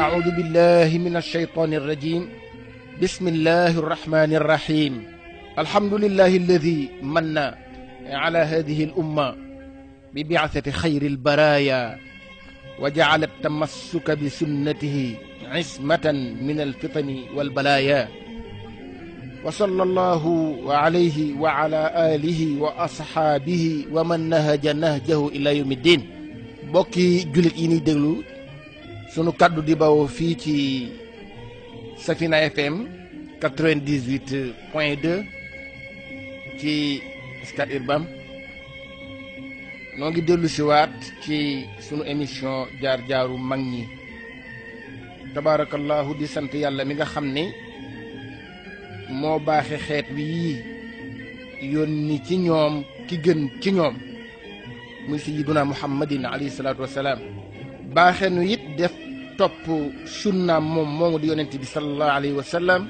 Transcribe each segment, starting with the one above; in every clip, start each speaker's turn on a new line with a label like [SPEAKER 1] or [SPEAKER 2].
[SPEAKER 1] أعوذ بالله من الشيطان الرجيم بسم الله الرحمن الرحيم الحمد لله الذي من على هذه الأمة ببعثة خير البرايا وجعل التمسك بسنته عصمة من الفتن والبلايا وصلى الله عليه وعلى آله وأصحابه ومن نهج نهجه إلى يوم الدين بوكي جلت إني دلو sunu kàddu di bawoo fii ci Safina FM 98 point 2 ci Scat Urbam noo ngi dellu siwaat ci sunu émission jaar-jaaru mag ñi tabaarakallaahu di sant yàlla mi nga xam ni moo baaxe xeet wi yii yónni ci ñoom ki gën ci ñoom muy sayyiduna muhammadin alayhi salaatu wassalaam baaxee nu it def topp sunnaam moom moomu di yonent bi sallallahu alayhi wa sallam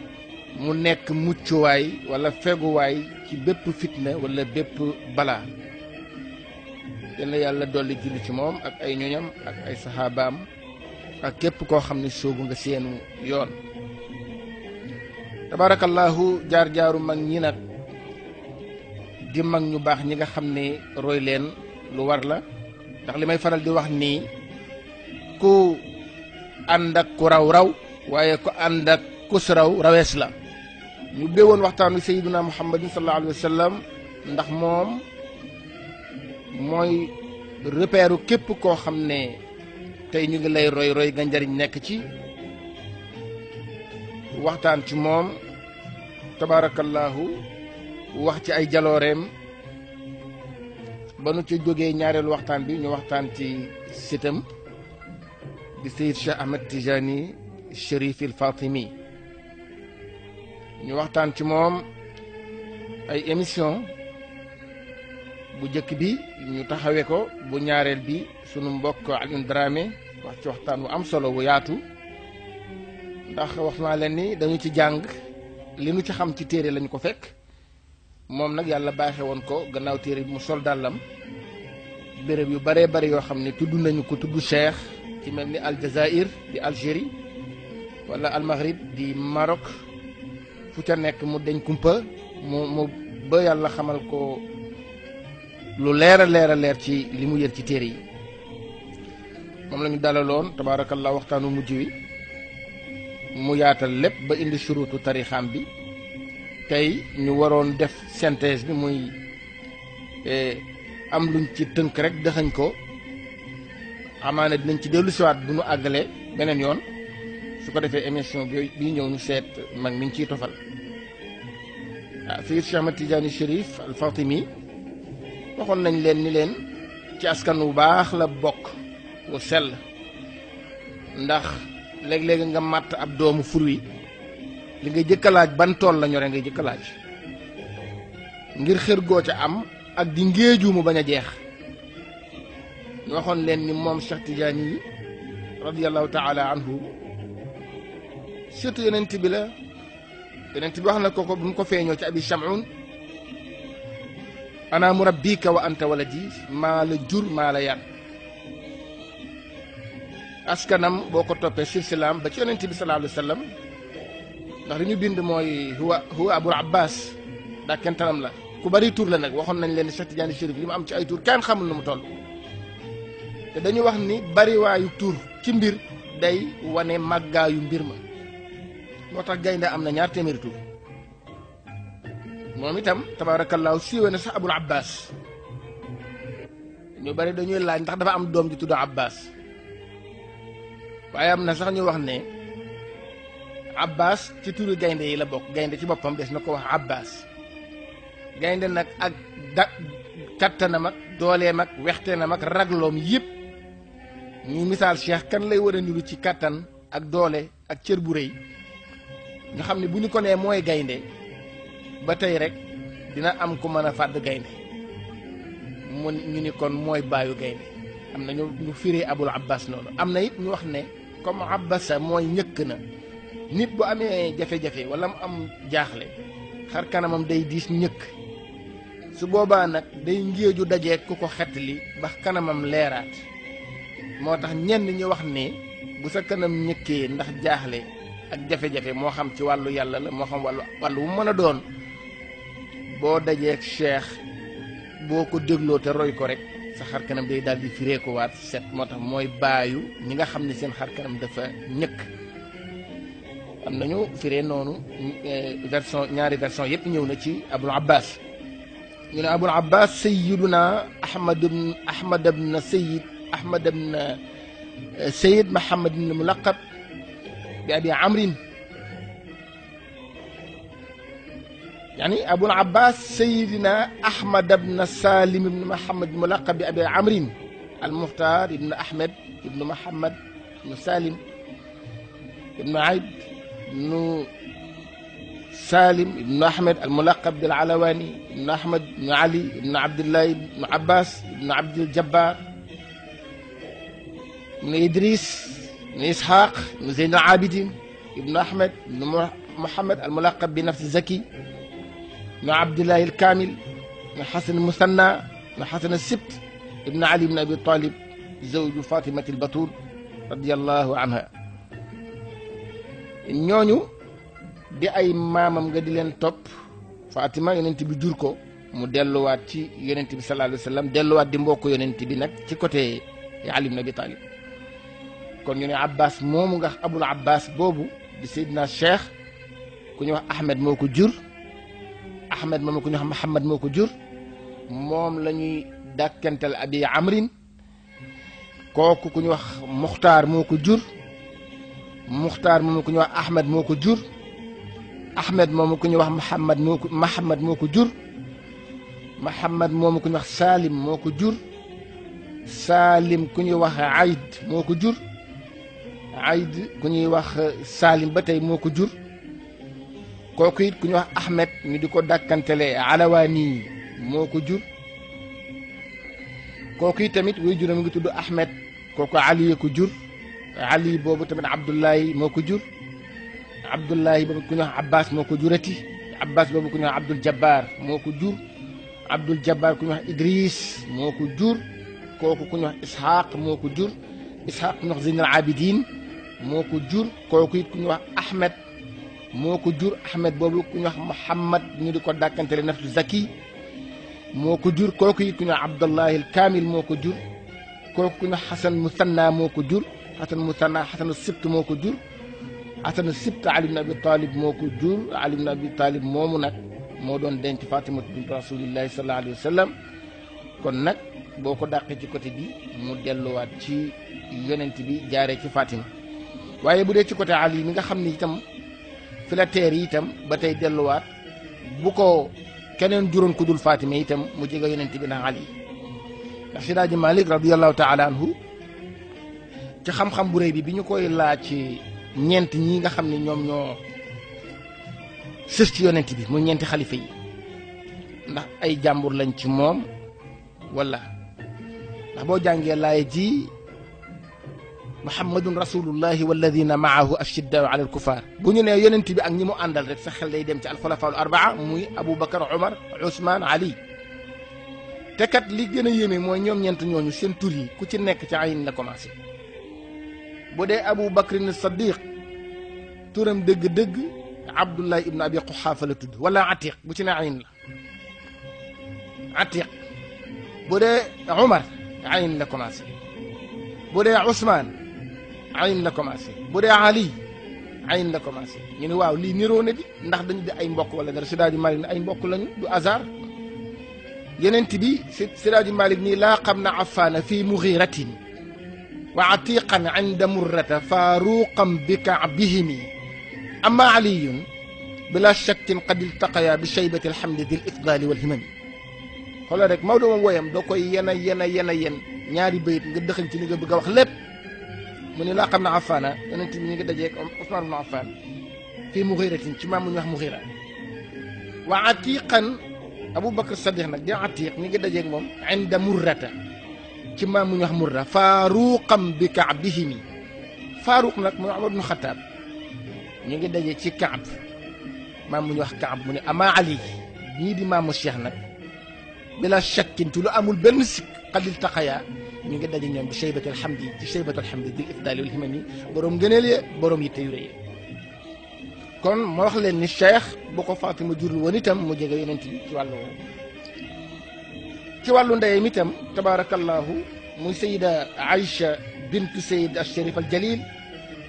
[SPEAKER 1] mu nekk muccuwaay walla feguwaay ci bépp fitna walla bépp balaa yal na yàlla dolli julli ci moom ak ay ñoñam ak ay saxaabaam ak képp koo xam ne soogu nga seenu yoon tabaarakallaahu jaar-jaaru mag ñi nag di mag ñu baax ñi nga xam ne roy leen lu war la ndax li may faral di wax nii ku ànd ak ku raw raw waaye ku ànd ak kus raw rawees la ñu bee waxtaan wi sayyiduna muhammadin sallallahu alayhi wa sallam ndax moom mooy repère képp koo xam ne tey ñu ngi lay roy roy nga njariñ nekk ci waxtaan ci moom tabaarakallaahu wax ci ay jalooreem ba nu ci jógee ñaareelu waxtaan bi ñu waxtaan ci sitam di Seyid Cheikh Ahmed Tijani Chérif Fatimi ñu waxtaan ci moom ay émission bu njëkk bi ñu taxawee ko bu ñaareel bi sunu mbokk Alioune Dramé wax ci waxtaan wu am solo wu yaatu ndax wax naa leen ni dañu ci jàng li nu ci xam ci téere lañu ko fekk moom nag yàlla baaxe woon ko gannaaw téere bi mu sol dàllam béréb yu baree bari yoo xam ne tudd nañu ko tudd Cheikh كما الجزائر دي الجيري ولا المغرب دي ماروك فوتا نيك مو دنج كومبا مو مو با يالا خمال كو لو لير لير لير تي لي مو يير تي تيري موم لا ني دالالون تبارك الله وقتانو مجيوي مو ياتال لب با اندي شروط تاريخام بي تاي ني ورون ديف سينتيز بي موي ا إيه، ام لون تي تنك رك دخن كو amana dinañ ci ci wat bu ñu agalé benen yoon su ko défé émission bi ñëw ñu sét mag ñu tofal ah Cheikh Ahmad Tidiane Al Fatimi waxon nañ leen ni leen ci askanu baax la bok wu sel ndax leg leg nga mat ab doomu furwi li nga ban la ñoré nga ngir xër go ca am ak di ngéeju mu jeex waxoon leen ni moom Cheikh Tidiane yi radiyallahu taala anhu surtout yonent bi la yonent bi wax na ko ko bu mu ko feeñoo ci abi shamun ana murabbika wa anta waladi maa la jur maa la yar askanam boo ko toppee silsilaam ba ci yonent bi sallallahu alayhi wa sallam ndax li ñu bind mooy huwa huwa abul abbas daa kentanam la ku bari tur la nag waxoon nañ leen Cheikh Tidiane Chérif li mu am ci ay tur kenn xamul nu mu toll te dañu wax ni bariwaayu tur ci mbir day wane màggaayu mbir ma moo tax gaynde am na ñaar téeméeri tur moom itam tabaarakallaahu siiwee na sax abul abbas ñu bari dañuy laaj ndax dafa am doom ji tudd abbas waaye am na sax ñu wax ne abbas ci turu gaynde yi la bokk gaynde ci boppam des na ko wax abbas gaynde nag ak da kattanam ak dooleem ak wexteenam ak ragloom yëpp ñu misaal cheikh kan lay war a niru ci kàttan ak doole ak cër bu rëy nga xam ne bu ñu ko nee mooy gaynde ba tey rek dina am ku mën a fàdd gaynde mu ñu ni kon mooy baayu gaynde am na ñu firee abul abbas noonu am na it ñu wax ne comme abbasa mooy ñëkk na nit bu amee jafe-jafe wala mu am jaaxle xar kanamam day diis ñëkk su boobaa nag day ngéeju dajeek ku ko xett li ba kanamam leeraat moo tax ñenn ñu wax ni bu sa kanam ñëkkee ndax jaaxle ak jafe-jafe moo xam ci wàllu yàlla la moo xam wàllu wàllu mu mën a doon boo dajee cheikh boo ko dégloo te roy ko rek sa xar kanam day daal di fireeku waat set moo tax mooy baayu ñi nga xam ni seen xar kanam dafa ñëkk am nañu firee noonu eh, version ñaari version yëpp ñëw na ci abul abbas ñu ne abul abbas sayiduna ahmad ahmad ibn sayid أحمد بن آه، سيد محمد بن الملقب بأبي عمرو يعني أبو العباس سيدنا أحمد بن سالم بن محمد الملقب بأبي عمرو المختار بن أحمد بن محمد بن سالم بن عيد بن سالم بن أحمد الملقب بالعلواني بن أحمد بن علي بن عبد الله بن عباس بن عبد الجبار من إدريس من إسحاق من زين العابدين ابن أحمد ابن محمد الملقب بنفس الزكي من عبد الله الكامل من حسن المثنى من حسن السبت ابن علي بن أبي طالب زوج فاطمة البتول رضي الله عنها ñooñu bi ay maamam nga di leen topp fatima yonent bi jur ko mu delluwaat ci yonent bi salaalai sallam delluwaat di mbokk yonent bi nag ci côté ali bin abi talib kon ñu ne abbas moomu nga abul abbas boobu di seydina cheikh ku ñu wax ahmed moo ko jur ahmed moomu ku ñu wax mahamad moo ko jur moom la ñuy dàkkantal abi amrin kooku ku ñu wax muxtaar moo ko jur muxtaar moomu ku ñu wax ahmed moo ko jur ahmed moomu ku ñu wax mahamad moo ko mahamad moo ko jur mahamad moomu ku ñu wax saalim moo ko jur saalim ku ñu wax ayd moo ko jur ayd gu ñuy wax Salim ba tey moo ko jur kooku it ku ñuy wax Ahmed ñu di ko dàkkantele alawaani moo ko jur kooku it tamit wuy juram ngi tudd Ahmed kooku Ali ko jur Ali boobu tamit Abdullahi moo ko jur Abdullahi boobu ku ñuy wax Abbas moo ko jurati Abbas boobu ku ñuy wax Abdul Jabbar moo ko jur Abdul Jabbar ku ñuy wax Idris moo ko jur kooku ku ñuy wax Ishaq moo ko jur Ishaq ku ñuy wax Zeynal Abidin moko jur koku it ñu wax Ahmed moko jur Ahmed bobu ku ñu wax Muhammad ñu diko ko dàkkantele nafsu Zaki moko jur koku it ñu wax al Kamil moko jur koku ku ñu wax Musanna moko jur hasan Musanna hasan Sibt moko jur hasan Sibt Ali ibn Abi Talib moko jur Ali ibn Abi Talib momu nak mo don denc fatima bint rasulillah sallallahu alaihi wasallam kon nak boko ko ci côté bi mu wat ci yonent bi jaaree ci Fatima waaye bu dee ci côté àll yi mi nga xam ni itam fi la teer ba tey delluwaat bu ko keneen juróom ku dul Fatima itam mu jege yonent bi na Ali ndax Sidaaji Malik radiyallahu taala anhu ci xam-xam bu rëy bi bi ñu koy laaj ci ñeent ñi nga xam ni ñoom ñoo sës ci yonent bi muy ñeenti xalifa yi ndax ay jàmbur lañ ci moom wala ndax boo jàngee laay ji محمد رسول الله والذين معه أشداء على الكفار بني نيو يننتي بأن نمو أندل رك سخل لي ديمتي الخلفاء الأربعة موي أبو بكر عمر عثمان علي تكت لي جينا يمي موي نيوم نينت نيو نيو سين توري كوتي نيك تي عين لا كوماسي بودي أبو بكر الصديق تورم دغ دغ عبد الله ابن أبي قحافة لتد ولا عتيق بوتي نعين لا عتيق بودي عمر عين لا كوماسي بودي عثمان ayn la commencé bu dee ali ayn la commencé ñu ne waaw lii niroo na di ndax dañu di ay mbokk wala dara Seydi Hadji Malick ne ay mbokk lañu du hasard yenent bi Seydi Hadji Malick nii laa xam na afaana fii mughiratin wa atiqan inda murrata faaruqan bi kaabihimi amma aliyun bila shakkin qad iltaqaya bi shaybati alhamdi di lifdali walhimami xoolal rek Maodo moom wooyam da koy yena yena yena yen ñaari bayit nga dëxañ ci li nga bëgg a wax lépp mu ne laa xam ne Afana ah, yonent bi ñu ngi dajeeg Ousmane ibn Affan fii ci maam mu ñu wax Mughira waa Atiqan Aboubacar Sadiq nag di ñu ngi dajeeg moom inda murrata ci maam mu ñu wax murra faaruqam bi kaabihimi faaruq nag mooy Umar ibn Xattaab ngi daje ci kaab maam mu ñu wax kaab mu ne amaa ali ñii di maamu Cheikh nag bila shakkintu lu amul benn sikk ñu ngi daje ñoom bi shaybatul hamdi ci shaybatul hamdi di iftaali wal himami borom gëneel ya borom yitte yu rëy kon ma wax leen ni cheikh bu ko Fatima jurul woon itam mu jege yonent bi ci wàllu ci wàllu ndeyam itam tabarakallahu muy sayida Aïcha bintu sayid al sharif al jalil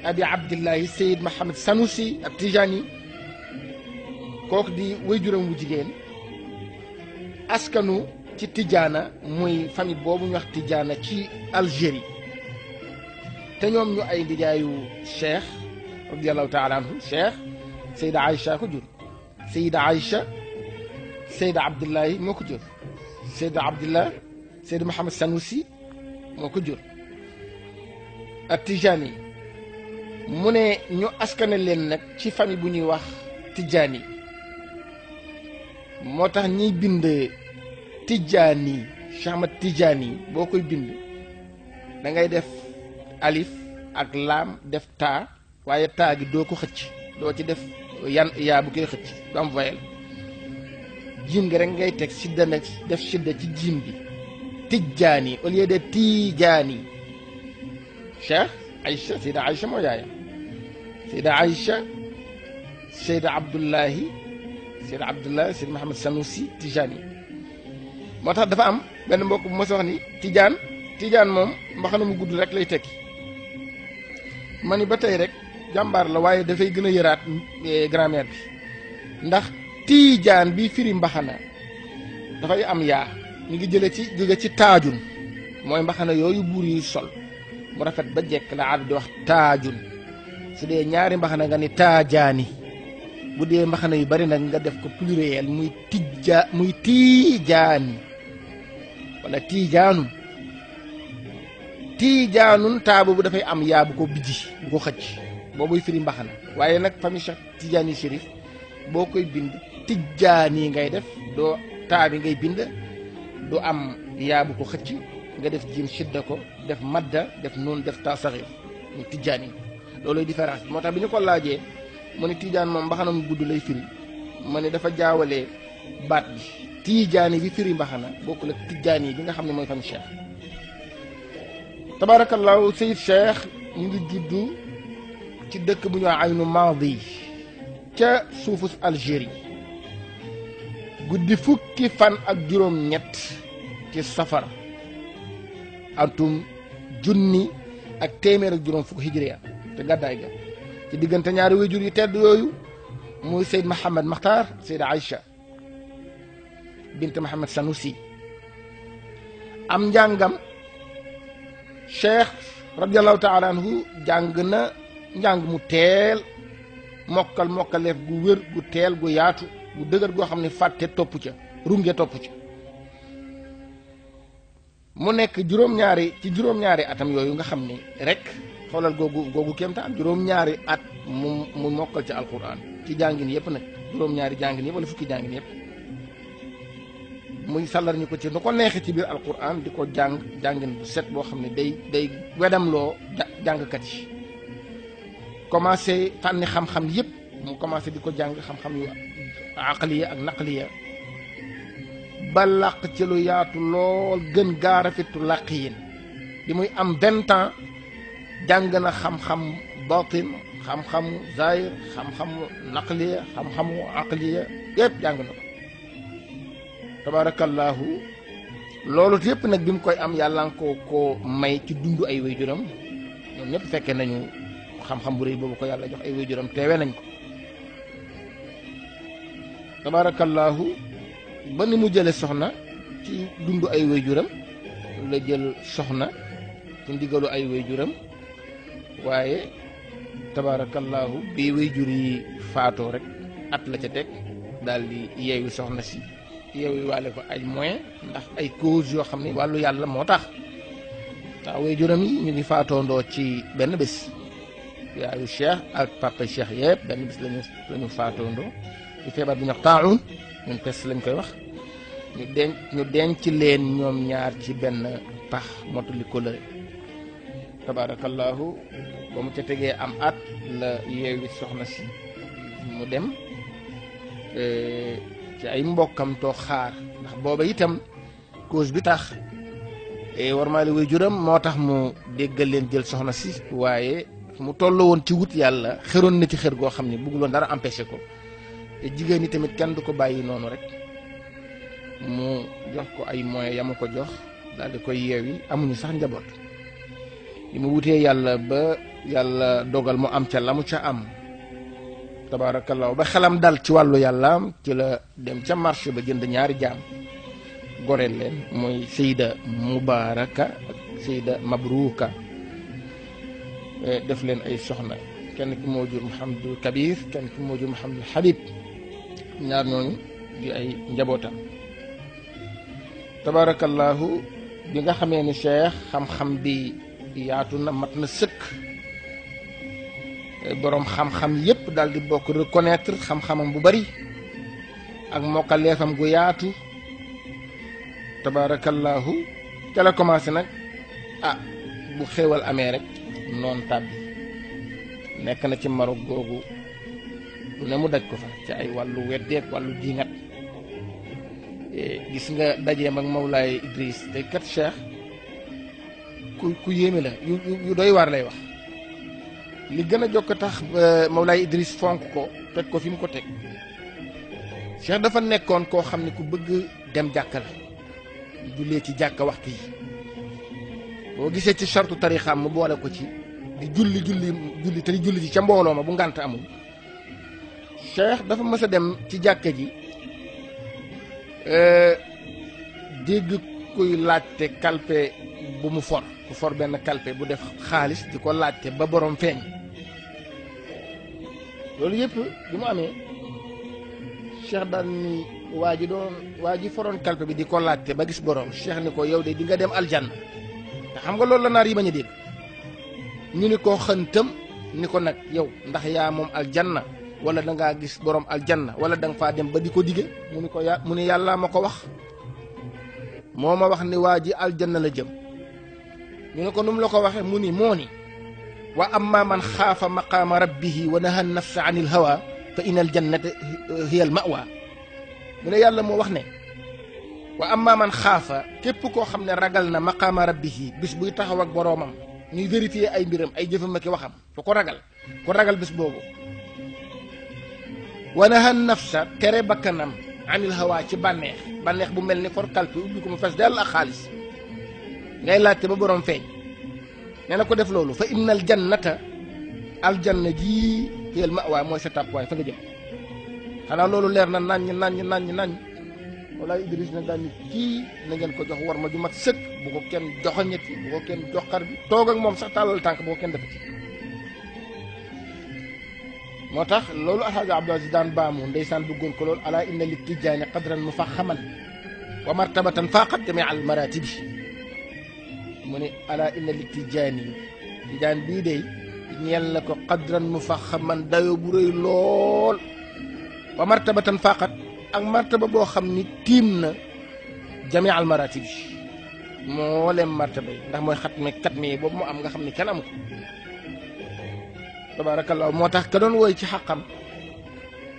[SPEAKER 1] abi abdillahi sayid Mohamed Sanusi ab Tijani kooku di wéy juróom wu jigéen askanu ci Tidjana muy famille boobu ñu wax Tidjana ci Algérie te ñoom ñu ay ndijaayu Cheikh radiallahu taala anhu Cheikh Seyda Aïcha ko jur Seyda Aïcha Seyda Abdullahi moo ko jur Seyda Abdullah Seyda Mohamed Sanoussi moo ko jur ak Tidjani yi mu ne ñu askane leen nag ci famille bu ñuy wax Tidjani yi moo tax ñiy bind tijani chama tijani boo koy bind da ngay def alif ak lam def ta waye ta gi do ko xëcc do ci def yan ya bu koy xëcc do am voyel jim gi rek ngay tek sidda nek def sidda ci jim bi tijani au lieu de tijani cheikh aisha sida aisha mo yaayam sida aisha sida abdullah sida abdullah sida mohammed sanusi Tijani motax dafa am ben mbokk mo mos wax ni tidiane tijaan moom mbaxana mu gudd rek lay tek mani ba tay rek jambar la da fay gëna yeraat eh, grand mère bi ndax tidiane bi firi mbaxana fay am ya ni ngi jele ci jóge ci tajun moy mbaxana yoyu bur yi sol mu rafet ba jek la arab di wax tajun su de ñaari mbaxana nga ni tajani bu dee mbaxana yu bari nak nga def ko pluriel muy tidja muy wala tiijaanun tiijaanun taa boobu dafay am yaabu ko bijji bu ko xëcc boobuy firi mbaxana waaye nag famille Cheikh Tidiane Chérif boo koy bind tijjaani ngay def doo taa bi ngay bind du am yaabu ko xëcc nga def jiim shidda ko def madda def noonu def taa saxiir muy tijjaani looluy différence moo tax bi ñu ko laajee mu ne tiijaan moom mbaxanam gudd lay firi ma ne dafa jaawalee baat bi tijani bi firi mbaxana bokkul ak tijaani yi bi nga xam ne mooy Shah cheikh tabarakallahu sayid cheikh ñu ngi juddu ci dëkk bu ñu aynu maadi ca suufus algérie guddi fukki fan ak juróom ñett ci safar antum junni ak téeméer ak juróom fukk hijriya te gàddaay ga ci diggante ñaari wayjur yu tedd yooyu muy mahamad maxtaar seyd aisha bint Muhammad Sanusi am njàngam cheikh radiallahu taala anhu jàng na njàng mu teel mokkal mokkaleef gu wér gu teel gu yaatu gu dëgër goo xam ne fàtte topp ca runge topp ca mu nekk juróom-ñaari ci juróom-ñaari atam yooyu nga xam ne rek xoolal googu googu am juróom-ñaari at mu mu mokkal alquran ci jàngin yëpp nag juróom-ñaari jàngin yëpp wala fukki jàngin muy sàllar ñu ko ci nu ko neexee ci biir alquran di ko jàng jàngin bu set boo xam ne day day wedamloo jàngkat yi commencé fànni xam-xam yépp mu commencé di ko jàng xam-xam yu ak naqliya ba làq ci lu yaatu lool gën gaa rafetu làq yin di muy am vingt ans jàng na xam-xam batin xam-xamu zahir xam-xamu naqliya xam-xamu aqliya yépp jàng na ko tabaarakallaahu loolu yépp nag bi mu koy am yàllankoo ko may ci dund ay waajuram ñoom ñëpp fekke nañu xam-xam bu rëy boobu ko yàlla jox ay waajuram teewe nañ ko tabaarakallaahu ba ni mu jële soxna ci dund ay waajuram la jël soxna ci ndigalu ay waajuram waaye tabaarakallaahu bi waajur yi faatoo rek at la ca teg daal di soxna si yeewu waale ko ay moyens ndax ay cause yoo xam ne wàllu yàlla moo tax ndax way juróom yi ñu ngi faatoondoo ci benn bis yaayu cheikh ak papa cheikh yëpp benn bés lañu lañu faatoondoo ci feebar bi ñu wax taaun ñun lañ koy wax ñu denc ci leen ñoom ñaar ci benn pax motali kóllëre tabaarakallaahu ba mu ca tegee am at la yeewi soxna si mu dem euh, ci ay mbokkam toog xaar ndax booba itam cause bi tax e war maa li way juram moo tax mu déggal leen jël soxna si waaye mu toll woon ci wut yàlla xëroon na ci xër goo xam ne bëgguloon dara empêché ko te jigéen ñi tamit kenn du ko bàyyi noonu rek mu jox ko ay moyens yamu ko jox daal di koy yeewi amuñu sax njaboot li mu wutee yàlla ba yàlla dogal mu am ca la mu ca am tabaarakallaahu ba xelam dal ci wàllu yàllaam ci la dem ca marché ba jënd ñaari jaam goreel leen mooy sayda mubaaraka ak sayda mabruuka eh, def leen ay soxna kenn ki moo jur Mouhamadul Kabir kenn ki moo jur Mouhamadul Habib ñaar ñooñu di ay njabootam tabaarakallaahu bi nga xamee ni Cheikh xam-xam bi yaatu na mat na sëkk boroom xam-xam yépp daal di bokk reconnaître xam-xamam bu bari ak mokkaleefam gu yaatu tabaarakallaahu ca la commencé nag ah bu xéewal amee rek noon tàbbi nekk na ci Maroc googu lu ne mu daj ko fa ci ay wàllu weddeek wàllu diingat e, gis nga dajee mag Mawlaay Idriss te kat Cheikh ku ku yéeme la yu yu doy waar lay wax li gën a jokk tax euh, Mawlaay Idris fonk ko teg ko fi mu ko teg Cheikh dafa nekkoon koo xam ne ku bëgg dem jàkka la jullee ci jàkka waxtu yi boo gisee ci sartu tarixam mu boole ko ci di julli julli julli te di julli ci ca mbooloo ma bu ngànt amul Cheikh dafa mës a dem ci jàkka ji euh, dégg kuy laajte kalpe bu mu for ku for benn kalpe bu def xaalis di ko laajte ba borom feeñ loolu yépp bi mu amee cheikh daan ni waa ji doon waa ji foroon kalpe bi di ko laajte ba gis boroom cheikh ni ko yow de di nga dem aljanna te xam nga loolu la naar yi bañ a dégg ñu ni ko xëntam ni ko nag yow ndax yaa moom aljanna wala da ngaa gis borom aljanna wala da nga dem ba di ko dige mu ni ko ya mu ni yàllaa ma ko wax moo ma wax ni waa ji aljanna la jëm ñu ne ko nu mu la ko waxee mu ni moo ni وأما من خاف مقام ربه ونهى النفس عن الهوى فإن الجنة هي المأوى من يلا مو وخنا وأما من خاف كيف كو خمنا رجلنا مقام ربه بس بيتا هواك برومم ني فيريتي أي بيرم أي جيفم مكي وخم فكو رجل كو رجل بس بوغو ونهى النفس كري بكنم عن الهوى تي بانيخ بانيخ بو ملني فور كالبي اوبيكو مفاس دال خالص ngay laatte ba borom feeñ nee ko def loolu fa innal jannata al aljanna jii hiyal ma'waa mooy sa tap way fa nga jëm xana loolu leer na naññ nañ naññ nañ wala idris na daan kii na ngeen ko jox war ma ju mat seuk bu ko kenn joxañet bu ko ken jox xar bi tok ak mom sax talal tànk bu ko ken def moo tax loolu alxaaja Abdou Aziz daan baamu ndeysaan gor ko loolu ala inna li tijaani qadran mufakhaman wa martabatan faqat jamia al maratibi mu ne alaa inna li tijaani na ko qadran mu faxaman dayoo bu rëy lool wa martabatan faqat ak martaba boo xam ni tiim na jami al maratib moo leen martaba yi ndax mooy xat me kat me boobu mu am nga xam ni kanam am ko tabaarakallaahu moo tax kanoon woy ci xaqam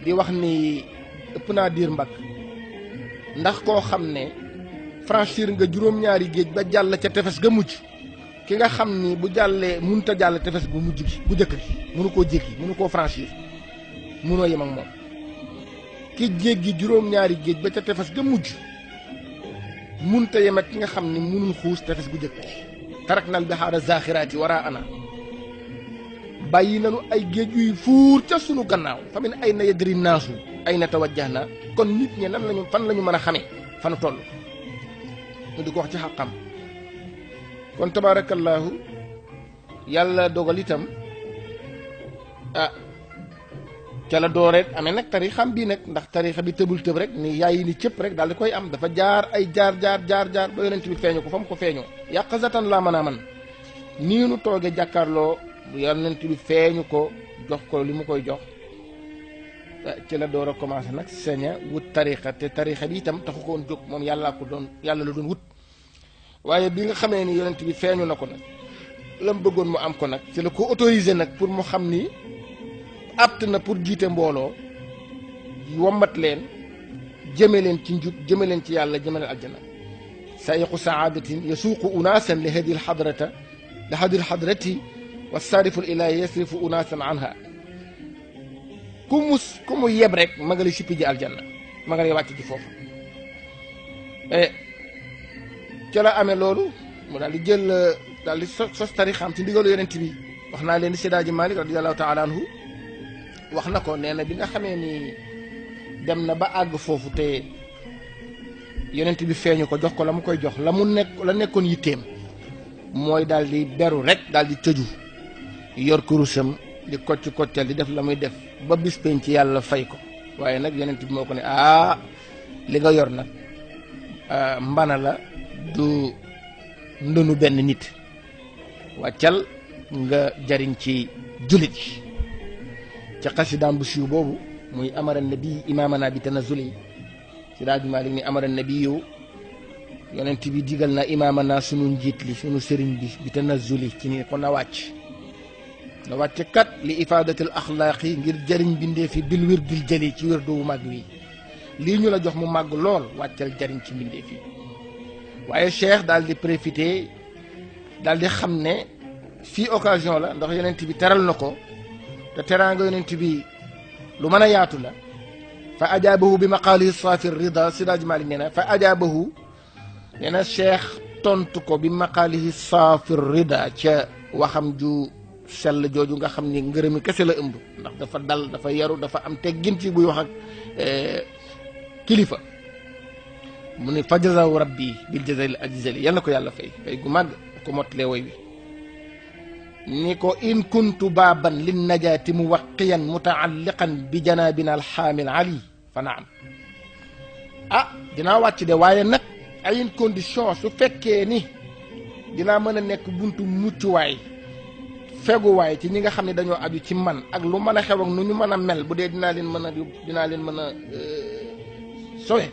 [SPEAKER 1] di wax ni ëpp naa diir mbagg ndax koo xam ne franchir nga juróom-ñaari géej ba jàll ca tefes ga mujj ki nga xam ni bu jàllee munut a jàll tefes bu mujj bi bu njëkk bi mënu koo jékki mënu koo franchir mënoo yem ak moom ki jéggi géej ba ca tefes ga mujj mënut a yem ki nga xam ni mënul xuus tefes bu njëkk bi tarak nal bi xaara zaaxiraati waraa ana bàyyi nanu ay géej yuy fuur ca sunu gannaaw famin ay na yëdëri naasu ay na tawajjah na kon nit ñi nan lañu fan lañu mën a xamee fanu toll te di ko wax ci xàqam kon tabaarakallaahu yàlla dogal itam ah ca la dooreet amee nag xam bii nag ndax tarixa bi tëbul tëb rek ni yaay yi ni cëpp rek daal di koy am dafa jaar ay jaar jaar jaar jaar ba yonent bi feeñu ko fa mu ko feeñoo yàqazatan laa mën a man nii nu toogee jàkkaarloo yonent bi feeñu ko jox ko li mu koy jox ci la door a commencé nag sañ a wut tariqa te tariqa bi itam taxu ko woon jóg moom yàllaa ko doon yàlla la doon wut waaye bi nga xamee ni yonent bi feeñu na ko nag lam bëggoon mu am ko nag ci la ko autorisé nag pour mu xam ni apte na pour jiite mbooloo wombat leen jëme leen ci njub jëme leen ci yàlla jëme leen aljana saayiqu saadatin yasuuqu unaasan li hadi lxadrata li hadi lxadrati wa saarifu ilahi yasrifu unaasan anha ku mu ku mu yeb rek ma nga lay sippi ji aljanna ma nga lay foofu e, ca la amee loolu mu daal di jël euh, daal di sos sos tarixam ci ndigalu yonent bi wax naa leen di Seydaaji Malik radiyallahu taala anhu wax na ko nee na bi nga xamee ni dem na ba àgg foofu te yonent bi feeñu ko jox ko la mu koy jox la mu nekk la nekkoon yitteem mooy daal di beru rek daal di tëju yor kurusam di kocc koccal di def la muy def ba bis ci yàlla fay ko waaye nag yonent bi moo ko ne ah li nga yor nag ah, mbana la du ndënu benn nit wàccal nga jariñ ci jullit yi ca xasidaam bu siiw boobu muy amara nabi imaamana bi tanazuli si daaj Maalik ni amara nabi yow yonent bi digal na imaamana sunu njiit li sunu sëriñ bi bi tanazuli ci ni ko na wàcc نوات كات لإفادة الأخلاق غير جرين بنده في بلوير دل جلي كير دو مغوي لي نولا جوخ مو ماغ لول واتل جرين كي بنده في واي شيخ دال دي بريفيتي دال دي خمنه في اوكازيون لا ندخ يونتي بي ترال نكو تا ترانغ يونتي بي لو مانا ياتو لا فاجابه بمقاله الصافي الرضا سراج مالي نينا فاجابه نينا شيخ تونتكو بمقاله الصافي الرضا تي وخم جو sel joju nga xamni ni kessé la ëmb ndax dafa dal dafa yaru dafa am teggin ci buy wax ak euh kilifa muni fajaza rabbi bil jazail ajzali yalla ko yàlla fay fay gu mag ko mottalee woy wi niko in kuntu baban lin najaati muwaqqiyan mutaalliqan bi janabina al hamil ali fa naam ah dina wàcc de waye nak ay une condition su fekke ni dina meuna nek buntu muccu muccuwaay feguwaay ci ñi nga xam ne dañoo aju ci man ak lu mën a xew ak nu ñu mën a mel bu dee dinaa leen mën a dinaa leen mën a euh, sowe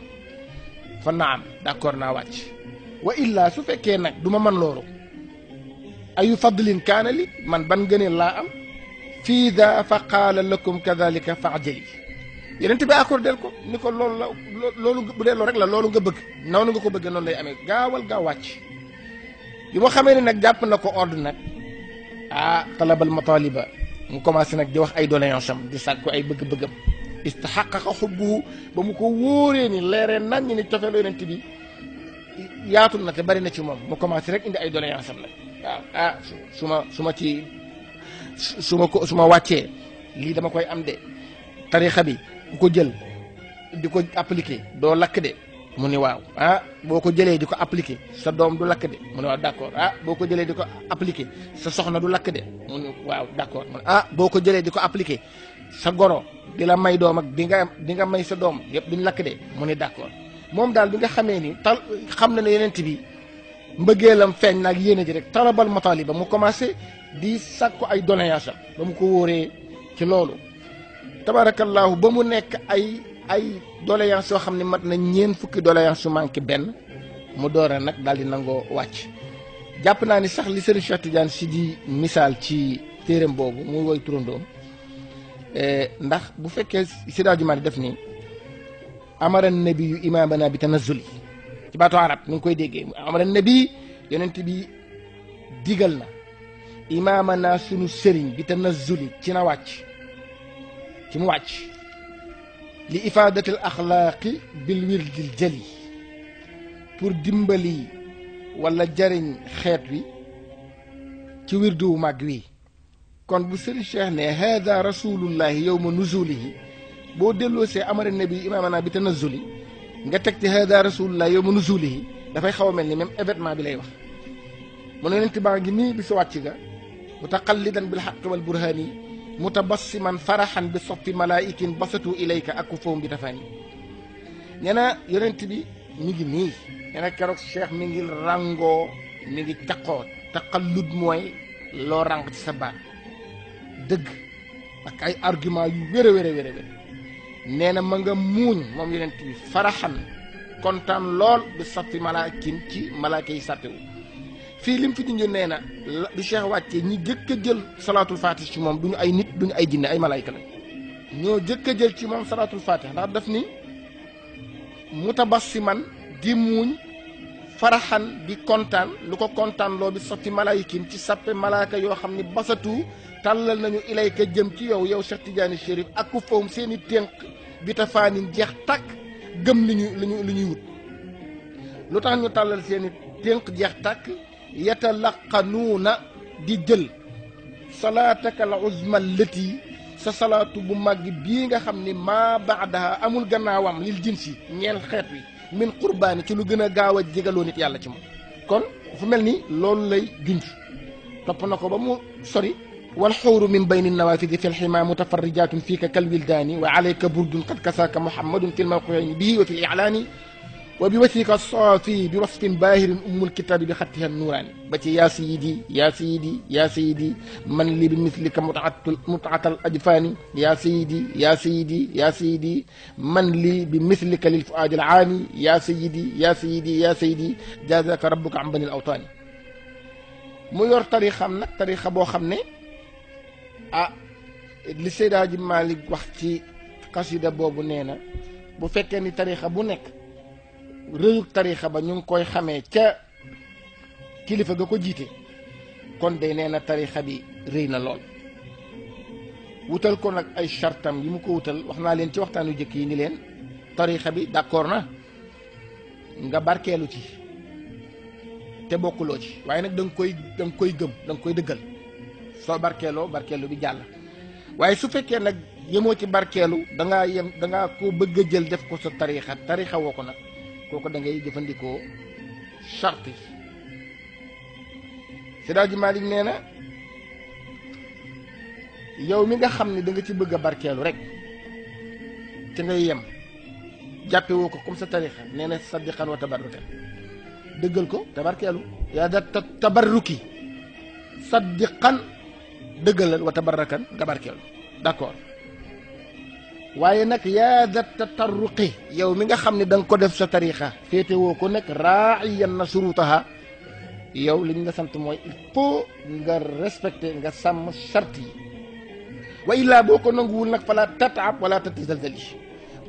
[SPEAKER 1] fa naam d'accord naa wàcc wa illaa su fekkee nag du ma mën loolu ayu fadlin kaana li man ban gëneel laa am fii daa fa qaala lakum kadalika fajali yeneen bi accordé ko ni ko loolu la loolu bu dee loolu rek la loolu nga bëgg noonu nga ko bëggee noonu lay amee gaawal gaaw wàcc bi ma xamee ne nag jàpp na ko ordre ah talabal mataliba mu commencé nag di wax ay doléance am di sàkku ay bëgg-bëggam istaxaqaqa xubbu ba mu ko wóoree ni leeree nan ñi ni cofeelu yonent bi yaatu na te bari na ci moom mu commencé rek indi ay doléance am nag waaw ah su ma su ma ci su ma ko su ma wàccee lii dama koy am de tarixa bi ku ko jël di ko appliqué doo lakk de mu ni waaw ah boo ko jëlee di ko appliqué sa doom du lakk de mu ne waaw d'accord ah boo ko jëlee di ko appliqué sa soxna du lakk de mu ne waaw d'accord ah boo ko jëlee di ko appliqué sa goro di la may doom ak di nga di nga may sa doom yëpp duñ lakk de mu ne d'accord moom daal bi nga xamee ni tal xam na ne yeneen bi mbëggeelam feeñ naag yéene ji rek talabal ba mu commencé di sàkku ay doléance ba mu ko wóoree ci loolu tabarakallahu ba mu nekk ay ay doléance soo xam ne mat na ñeen fukki doléance su manqué benn mu doore nag daal di nangoo wàcc jàpp naa ni sax li Serigne Cheikh Tidiane si di misaal ci téeram boobu muy woy turandoom eh, ndax bu fekkee Seydi Hadji Malick def nii amara nabi yu imaamana bi tanazuli ci baatu arab ni nga koy déggee amara nabi yonent bi digal na imaamana sunu sëriñ bi tanazuli ci na wàcc ci mu wàcc لإفادة الأخلاق بالورد الجلي pour dimbali wala jariñ xeet wi ci wirdu mag wi kon bu sëri Cheikh ne hada rasulullah yawm nuzulihi bo delo see amara nabi imamana bi tanazuli nga tek ci hada rasulullahi yowma nuzulihi fay xaw melni même événement bi lay wax mo ne yonent baa ngi nii bi si wàcc ga mutaqallidan bil haqq wal burhani mutabassiman farahan bi soppi malaikin basatu ilayka akufu bi tafani nena yonent bi mi ngi ni nena na cheikh mi ngi rango mi ngi takko taqallud moy lo rang ci sa baat deug ak ay argument yu wéré wéré wéré wéré nena ma nga muñ mom yonent bi farahan kontan lol bi soppi malaikin ci malaikay satewu fii lim fi junjoon nee na bi Cheikh wàccee ñi jëkk a jël salaatul fatih ci moom duñu ay nit duñu ay jinne ay malayka la ñoo jëkk a jël ci moom salaatul fatih ndax daf ni mutabassiman di muuñ faraxan di kontaan lu ko kontaan loo bi sotti malaykin ci sappe malaaka yoo xam ni basatu tàllal nañu ilayka jëm ci yow yow Cheikh Tidiane Chérif ak ku foom seen i ténk bi ta jeex tàkk gëm li ñuy li ñuy wut lu tax ñu tàllal seen i ténk jeex tàkk يتلقنون دي جل صلاتك العظمى التي صلاه بو بيغا خامني ما بعدها امول غناوام للجنسي جنسي نيل خيت من قربان تي لو غنا غاوا جيغالو نيت يالا تيما كون فو ملني لول لاي جنت توب نكو بامو سوري والحور من بين النوافذ في الحمى متفرجات فيك كالولدان وعليك برد قد كساك محمد في الموقعين به وفي الاعلان وبوثيق الصافي بوصف باهر أم الكتاب بخطها النوراني بتي يا سيدي يا سيدي يا سيدي من لي بمثلك متعة متعة الأجفان يا سيدي يا سيدي يا سيدي من لي بمثلك للفؤاد العاني يا سيدي يا سيدي يا سيدي جازاك ربك عن بني الأوطان mu تاريخ تاريخ nag tarixa boo xam ne ah li قصيدة Hadji Malick بو ci تاريخ boobu nee rëyug tariixa ba ñu ngi koy xamee ca kilifa ga ko jiite kon day nee na tariixa bi rëy na lool wutal ko nag ay chartam yi mu ko wutal wax naa leen ci waxtaanu jëkk yi ni leen tariixa bi d'accord na nga barkeelu ci te bokkuloo ci waaye nag danga koy da koy gëm da koy dëggal soo barkeeloo barkeelu bi jàll waaye su fekkee nag yemoo ci barkeelu da ngaa yem danga ko bëgg a jël def ko sa tariixa tariixa woo ko nag koko da ngay jëfëndiko charte yi Seydi Malick nee yow mi nga xamni da nga ci bëgg barkelu rek ci ngay yem jappé woko kum sa tarixa neena sadiqan wa tabarrukan deggal ko tabarkelu ya da tabarruki sadiqan deggal wa tabarrakan d'accord waaye nag yaa da tatarruqi yow mi nga xam ne da nga ko def sa tarixa féetewoo ko nag raaiyan na surutaha yow li ñu la sant mooy il faut nga respecté nga sàmm charte yi wa illaa boo ko nanguwul nag fala tataab wala tati zalzali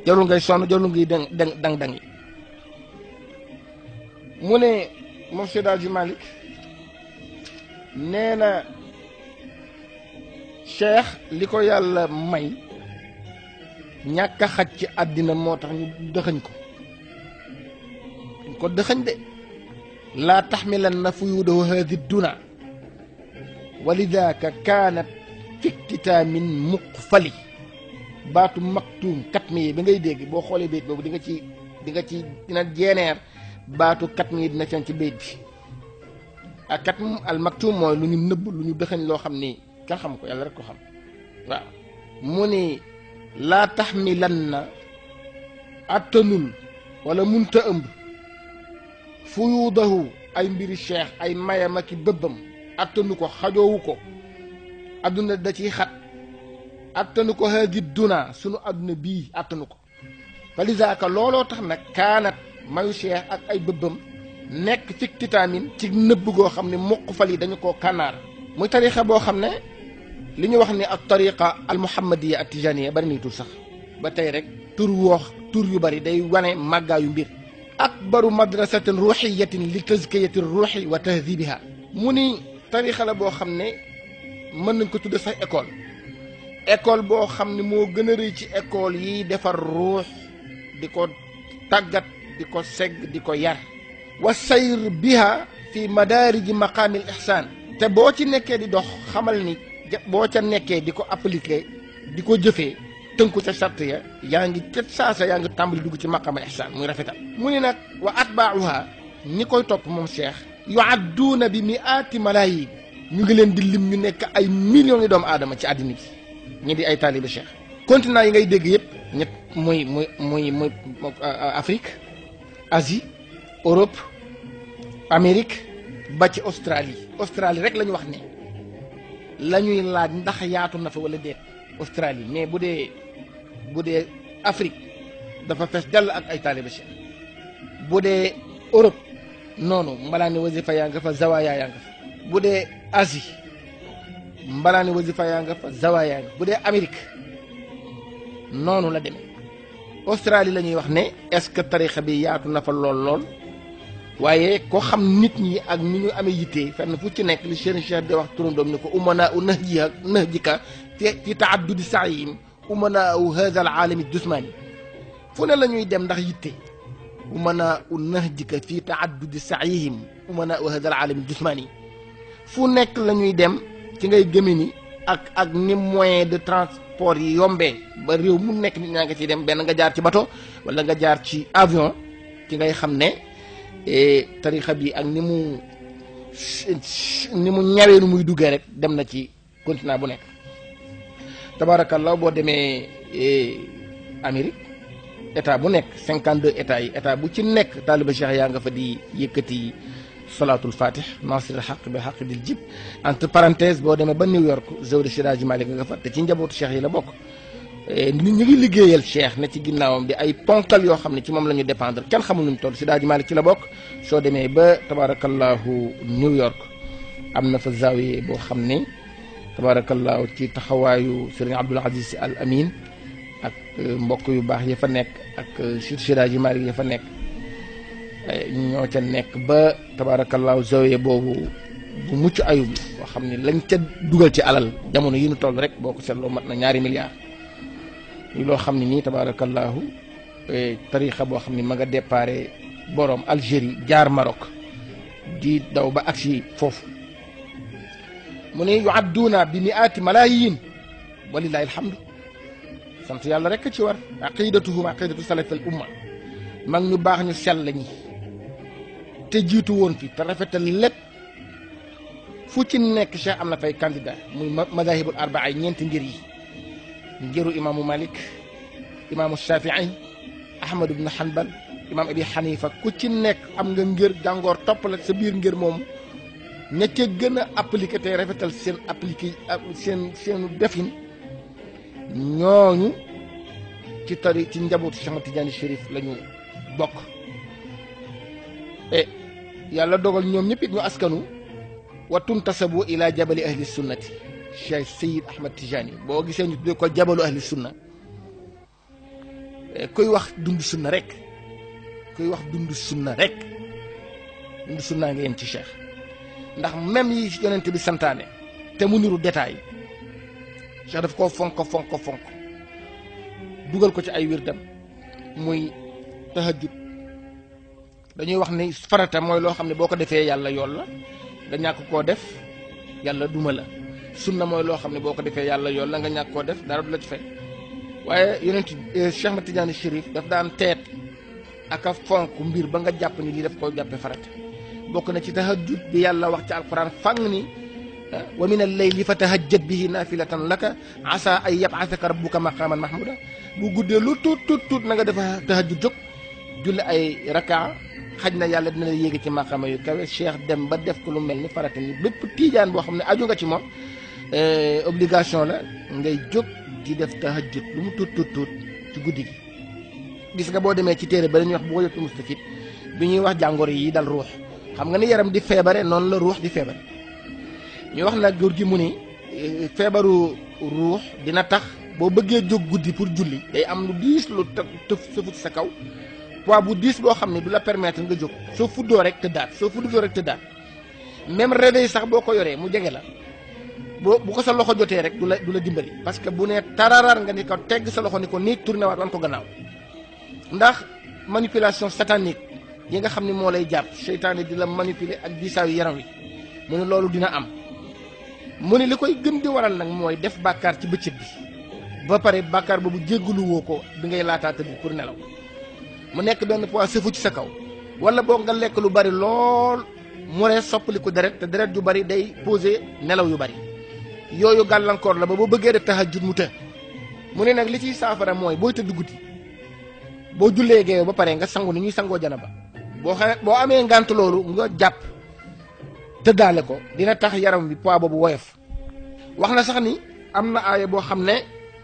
[SPEAKER 1] jarul ngay sonn jarul ngay dang dang dang mu ne moom Seydi Hadji nee na cheikh li ko yàlla may ñàkk xaj ci àddina moo tax ñu dëxañ ko dañ ko dëxañ de laa taxmilanna fuyuudahu haadi duna walidaaka kaanat fiktitaamin muqfali baatu maktuum mi yi bi ngay dégg boo xoolee bayt boobu di nga ci di ci dina jeeneer baatu katmi yi dina can ci bayt bi ak kat al maktuum mooy lu ñu nëbb lu ñu dëxañ loo xam ni kenn xam ko yàlla rek ko xam waaw mu ni laa taxmilanna attanul wala munta ëmb fuyuudahu ay mbiri cheikh ay mayam ak i bëbbam attanu ko xajoowu ko adduna da ciy xat attanu ko haagi dunaa sunu adduna bii attanu ko falisaaka looloo tax nag kaanat mayu cheikh ak ay bëbbam nekk ci titaamin ci nëbb goo xam ne muq fal yi dañu koo kanaar muy tarixa boo xam ne li ñu wax ne ak tariqa al muhammadiya at tijaniya bari nañ tur sax ba tey rek tur woox tur yu bari day wane màggaayu mbir akbaru madrasatin ruuxiyatin li tazkiyati ruuxi wa tahdibiha mu ni tariqa la boo xam ne mën nañ ko tudde sax école école boo xam ne moo gën a rëy ci école yiy defar ruux di ko tàggat di ko segg di ko yar wa sayr biha fi madaariji maqaamil ihsaan te boo ci nekkee di dox xamal ni boo ca nekkee di ko appliquer di ko jëfee tënku ca sart ya yaa ngi ca saasa yaa ngi tàmbali dugg ci maqama ihsaan muy rafetal mu ni nag wa atbaauha ñi koy topp moom cheikh yuadduuna bi miaati malaayin ñu ngi leen di lim ñu nekk ay millions yi doomu aadama ci àddina bi ñi di ay taaliba cheikh continent yi ngay dégg yëpp ñett muy muy muy muy euh, Afrique Asie Europe Amérique ba ci Australie Australie rek la ñu wax ne la ñuy laaj ndax yaatu na fa wala déet Australie mais bu dee bu dee Afrique dafa fees dell ak ay taaliba Cheikh bu dee Europe noonu mbalaani wasifa yaa nga fa zawaya yaa nga fa bu dee Asie mbalaani wasifa yaa nga fa zawaya yaa nga bu dee Amérique noonu la demee Australie la ñuy wax ne est-ce que tarixa bi yaatu na fa lool lool waaye koo xam nit ñi ak ni ñu amee yitte fenn fu ci nekk li Serigne Cheikh di wax turandoom ni ko umanaa u nax ji ak nax ji ka te ci taaddudi saayim umanaa u haazal aalami jusmaani fu ne la ñuy dem ndax yitte umanaa u nax ji ka fii taaddudi saayihim umanaa u haazal aalami jusmaani fu nekk la ñuy dem ci ngay gëme ni ak ak ni moyen de transport yi yombee ba réew mu nekk nit ñaa nga ciy dem benn nga jaar ci bato wala nga jaar ci avion ci ngay xam ne tarixa bi ak ni mu ni mu ñawee nu muy duggee rek dem na ci continent bu nekk tabaarakallaa boo demee eh, Amérique état bu nekk cinquante deux états yi état bu ci nekk taaliba cheikh yaa nga fa di yëkkati salaatul fatih nasiril xaq bi xaq dil jib entre parenthèse boo demee ba New York Zewde Siraaji Malik nga fa te ci njabootu cheikh yi la bokk Eh, nit ñu ngi liggéeyal Cheikh ne ci ginnaawam di ay ponkal yoo xam ne ci moom la ñu dépendre kenn xamul nu mu toll si Daaji Malick ci la bokk soo demee ba tabarakallahu New York am na fa zaawiye boo xam ne tabarakallahu ci taxawaayu Serigne Abdoul Aziz Al Amin ak eh, mbokk yu baax ya fa nekk ak eh, surtout si Daaji Malick ya fa nekk ñoo ca nekk ba tabarakallahu zaawiye boobu bu mucc ayub la boo xam ne lañ ca dugal ci alal jamono yi nu toll rek boo ko seetloo mat na ñaari milliards ñu loo xam ne nii tabaarakallaahu tarixa boo xam ne ma nga déparé borom Algérie jaar Maroc di daw ba agsi foofu mu ne yuadduuna bi miaati malaayin walillahi alhamdu sant yàlla rek ci war aqidatuhum aqidatu salaf al umma mag ñu baax ñu sell ñi te jiitu woon fi te rafetal lépp fu ci nekk cheikh am na fay candidat muy madahibul arbaa ñeenti ngir yi ngiru imaamu malik imaamu shafii ahmad ibnu hanbal imaam abi xanifa ku ci nekk am nga ngir jàngoor topp la sa biir ngir moomu ña ca gën a appliqué rafetal seen appliqué seen seenu defin ñooñu ci tari ci njabootu Cheikh Tidiane Chérif la ñu bokk e yàlla dogal ñoom ñëpp it ñu askanu wa tuntasabu ila jabali ahli sunnati Cheikh Seyid Ahmad Tijani boo gisee ñu tuddee ko jabalu ahli sunna eh, kuy wax dund sunna rek kuy wax dund sunna rek dund sunna nga yem ci Cheikh ndax même yi yonent bi santaane te mu niru détail Cheikh daf koo fonk fonk fonk dugal ko ci ay wirdam muy tahajjud dañuy wax ni farata mooy loo xam ne boo ko defee yàlla yoon la nga ñàkk koo def yàlla duma la sunna moy lo xamne boko defé yàlla yoon la nga ñàkk koo def dara du la ci fekk waaye yeneen Cheikh Ahmed Tidiane Chérif daf daan tete ak af fonk mbir ba nga jàpp ni li daf ko jàppe farat bok na ci tahajjud bi yàlla wax ci alquran fàng ni wa min al-layli fa tahajjad bihi nafilatan laka asa ay yab'athaka rabbuka maqaman mahmuda bu guddee lu tut tut tut nga def tahajjud jóg jul ay raka xajna yàlla dina la yéegi ci maqama yu kawe cheikh dem ba def ko lu melni ni farata ni bépp tidiane bo xamné aju nga ci mom Euh, obligation la ngay jóg di def tahajjud lu mu tuut tuut ci guddi gi gis nga boo demee ci téere ba dañuy wax bu wajatul mustafid bi ñuy wax jàngoro yi dal ruux xam nga ni yaram di feebare noonu la ruux di feebare ñu wax nag góor gi mu ni euh, feebaru ruux dina tax boo bëggee jóg guddi pour julli day am lu diis lu tëf sëfut sa kaw poids bu diis boo xam ne du la permettre nga jóg soo fuddoo rek tëddaat soo fuddoo rek tëddaat même réveil sax boo ko yoree mu jege la bo bu ko sa loxo joté rek du la du la dimbali parce que bu né tararar nga ni ko tegg sa loxo ni ko ni tourné wat wan ko gannaaw ndax manipulation satanique yi nga xamni mo lay japp seytaane di la manipuler ak diisaayu yaram wi mu ne lolu dina am mu ne likoy gën di waral nak moy def bàkkaar ci bëccëg bi ba paré bàkkaar bobu djéggulu woko bi ngay te bi pour nelaw mu nekk ben poids sefu ci sa kaw wala boo nga lek lu bari lol mu rees soppali deret te deret ju bari day poser nelaw yu bari yooyu gàllankoor la ba boo bëggee def tahajjud mu të mu ne nag li ciy saafara mooy booy tëdd guddi boo jullee géeyo ba pare nga sangu ni ñuy sangoo ba boo xam boo amee ngànt loolu nga jàpp tëddaale ko dina tax yaram bi poids boobu woyof wax na sax ni am na aaya boo xam ne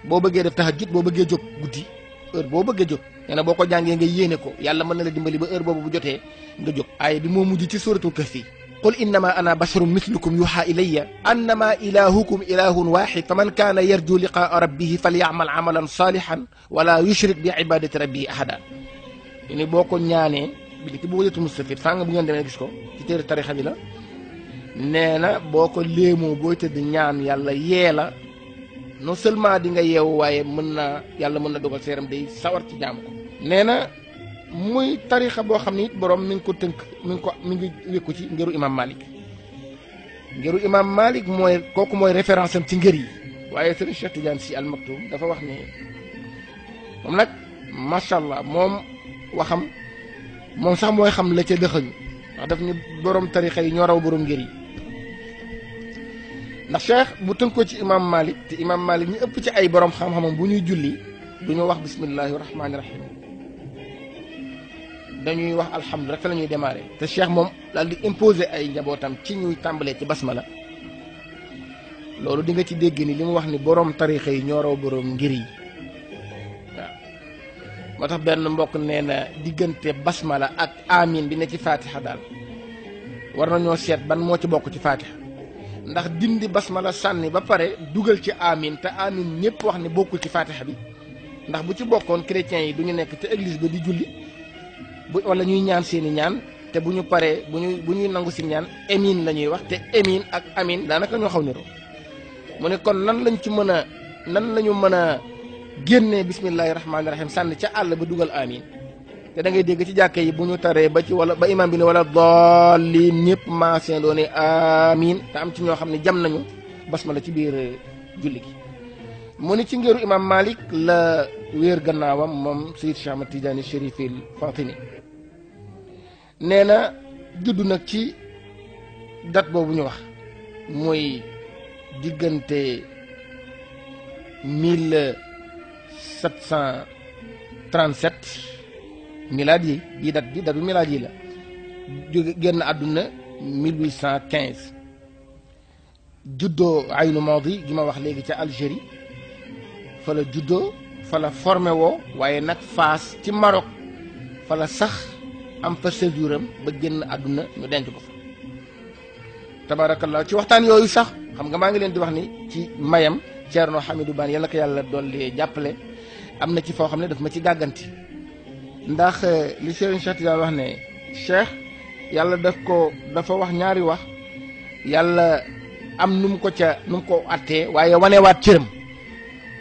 [SPEAKER 1] boo bëggee def tahajjud boo bëggee jóg guddi heure boo bëggee jóg nee na boo ko jàngee nga yéene ko yàlla mën na la dimbali ba heure boobu bu jotee nga jóg aaya bi moo mujj ci suratul kahfi قل إنما أنا بشر مثلكم يوحى إلي أنما إلهكم إله واحد فمن كان يرجو لقاء ربه فليعمل عملا صالحا ولا يشرك بعبادة ربه أحدا إني بوكو نياني بلي كي بوجيتو مستفير بو نياني ديمي غيسكو تير تاريخا بي لا نينا بوكو ليمو بو تيد نيان يالا ييلا نو سولما دي ييو واي مننا يالا مننا دوغال سيرم دي ساور جامكو نينا muy tarixa boo xam ne it borom mi ngi ko tënk mi ngi ko mi ngi wékku ci ngëru imam malik ngiru imam malik mooy kooku mooy référence am ci ngër yi waaye sëriñ Cheikh Tidiane si al maktum dafa wax ne moom nag macha allah moom waxam moom sax mooy xam la ca dëxañu ndax daf ñu borom tarixa yi ñoo raw borom ngër yi ndax cheikh bu tënkoo ci imam malik te imam malik ñu ëpp ci ay borom xam-xamam bu ñuy julli du ñu wax bismillahi rahmaani rahim dañuy wax alhamdu rek la demaare te cheikh moom daal di imposer ay njabootam ci ñuy tàmbalee ci la loolu di nga ci dégg ni li mu wax ni boroom tarixa yi ñoo raw boroom ngir yi waaw moo tax benn mbokk nee na diggante la ak amin bi ne ci fatiha daal war ñoo seet ban moo ci bokk ci fatiha ndax dindi basmala sànni ba pare dugal ci amin te amin ñëpp wax ne bokkul ci fatiha bi ndax bu ci bokkoon chrétiens yi du ñu nekk ci église ba di julli wala ñuy ñaan seeni ñaan te buñu paré buñu buñu nangu ñaan emin lañuy wax te emin ak amin daanaka ñoo xaw niro mu ne kon nan lañ ci mëna nan lañu mëna génné Bismillahirrahmanirrahim génnee bismillahi rahmaani rahim amin te da ngay dégg ci jàkke yi buñu taré ba ci wala ba imam bi ne wala ma seen doone amin ta am ci ñoo xamni jam nañu basmala ci biir eh, julli gi mu ne ci ngeeru imam malik la wër gannaawam mom sayyid cheikh ahmad tidiane chérifil nee na judd nag ci date boobu ñu wax mooy diggante mille sept cent trente milaad yi bii date bi datu milaad yi la jóge génn àdduna mille huit cent juddoo aynu madi gi ma wax léegi ca Algérie fala la juddoo fa formé woo waaye nag Faas ci Maroc fala sax am fa séjour am ba génn àdduna ñu denc ko fa tabaarakallaa ci waxtaan yooyu sax xam nga maa ngi leen di wax ni ci mayam Ceerno Hamidou Bane yàlla ko yàlla dolli jàppale am na ci foo xam ne daf ma ci gàgganti ndax euh, li Serigne Cheikh Tidiane wax ne Cheikh yàlla daf ko dafa wax ñaari wax yàlla am nu mu ko ca nu mu ko attee waaye wanewaat cëram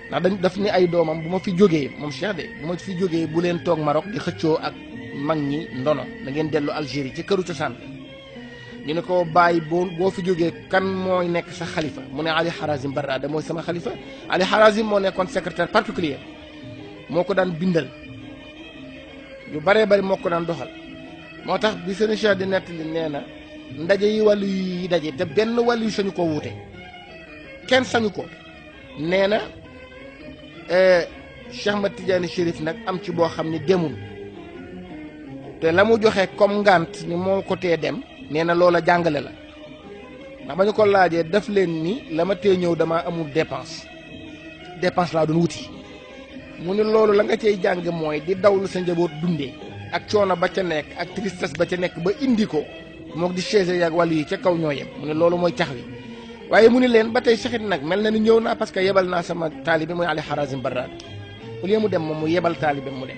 [SPEAKER 1] ndax dañ daf ni ay doomam bu ma fi jógee moom Cheikh de bu ma fi jógee bu leen toog Maroc di xëccoo ak mag ñi ndono da ngeen dellu Algérie ci këru cosaan ñu ne ko bàyyi boo boo fi jógee kan mooy nekk sa xalifa mu ne Ali Harazim Barada mooy sama xalifa Ali Harazim moo nekkoon secrétaire particulier moo ko daan bindal yu baree bari moo ko daan doxal moo tax bi sëriñ Cheikh di nettali nee na ndaje yi wàllu yi daje te benn wàllu yu sañu koo wuute kenn sañu ko nee na eh, Cheikh Mat Tidiane Chérif nag am ci boo xam ni demul te la mu joxe comme ngànt ni moo ko tee dem nee na loola jàngale la ndax ba ñu ko laajee daf leen ni la ma tee ñëw damaa amul dépense dépense laa doon wuti mu ne loolu la nga cey jàng mooy di dawlu sa njaboot dundee ak coono ba ca nekk ak tristes ba ca nekk ba indi ko moo di chaise ak wàll yi ca kaw ñoo yem mu ne loolu mooy cax wi waaye mu ne leen ba tey saxit nag mel na ni ñëw naa parce que yebal naa sama taalibe mooy Ali Harazim Barraad au lieu mu dem moom mu yebal taalibe mu dem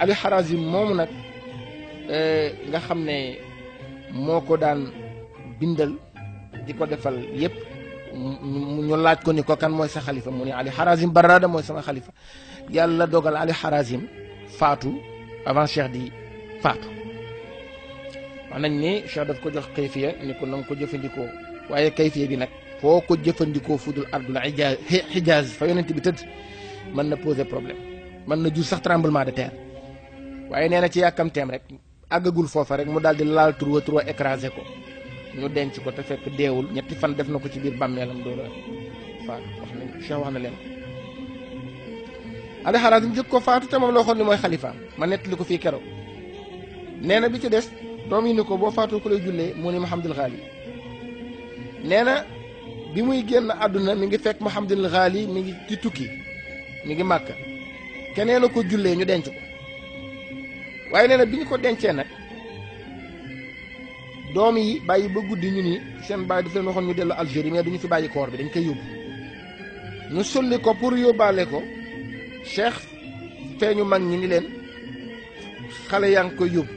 [SPEAKER 1] Ali Harazim moomu nag nga xam ne moo ko daan bindal di ko defal yépp ñu laaj ko ni ko kan mooy sa xalifa mu ni ali harazim barada mooy sama xalifa yàlla dogal ali harazim faatu avant cheikh di faatu wax nañ ni cheikh daf ko jox kayfiya ni ko na nga ko jëfandikoo waaye kayfiya bi nag foo ko jëfandikoo fudul ardul ijaz xijaaz fa yonent bi tëdd mën na poser problème mën na jur sax tremblement de terre waaye nee na ci yàkkamteem rek àggagul foofa rek mu daal laal tur wa tur écrasé ko ñu denc ko te fekk deewul ñetti fan def na ko ci biir bàmmeelam doola faat wax nañ Cheikh wax na leen Ali Harazim jëkk ko faatu te moom la waxoon ni mooy xalifa ma nettali ko fii keroog nee na bi ci des doom yi ni ko boo faatu ku lay jullee mu ni Mouhamadul Ghali nee na bi muy génn àdduna mi ngi fekk Mouhamadul Ghali mu ngi ci tukki mi ngi màkk keneen a ko jullee ñu denc ko waaye nee na bi ñu ko dencee nag doom yi bàyyi ba guddi ñu ni seen bàyyi daf leen waxoon ñu dellu Algérie mais duñu fi bàyyi koor bi dañ koy yóbbu ñu sulli ko pour yóbbaale ko cheikh feeñu mag ñi ni leen xale yaa ngi koy yóbbu